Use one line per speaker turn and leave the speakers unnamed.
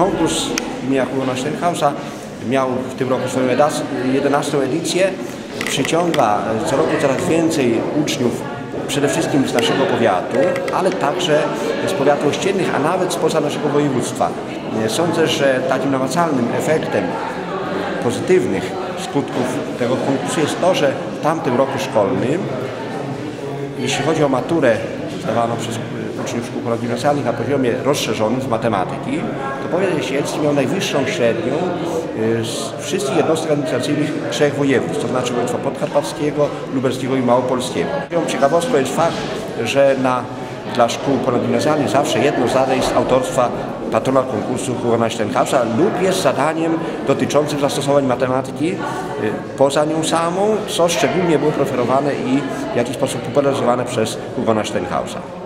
konkurs imienia Hugo Steinhausa miał w tym roku swoją 11 edycję, przyciąga co roku coraz więcej uczniów przede wszystkim z naszego powiatu, ale także z powiatów ościennych, a nawet spoza naszego województwa. Sądzę, że takim namacalnym efektem pozytywnych skutków tego konkursu jest to, że w tamtym roku szkolnym, jeśli chodzi o maturę przydawano przez uczniów szkół ponaduniwersalnych na poziomie rozszerzonym z matematyki, to powiat jesielski miał najwyższą średnią y, z wszystkich jednostek administracyjnych trzech województw, to znaczy województwa podkarpackiego, lubelskiego i małopolskiego. Ciekawostką jest fakt, że na, dla szkół ponadgimnazjalnych zawsze jedno zadań jest autorstwa patrona konkursu Hurona Sztenkasa lub jest zadaniem dotyczącym zastosowań matematyki y, poza nią samą, co szczególnie było preferowane i w jakiś sposób popularyzowane przez Hurona Sztenkasa.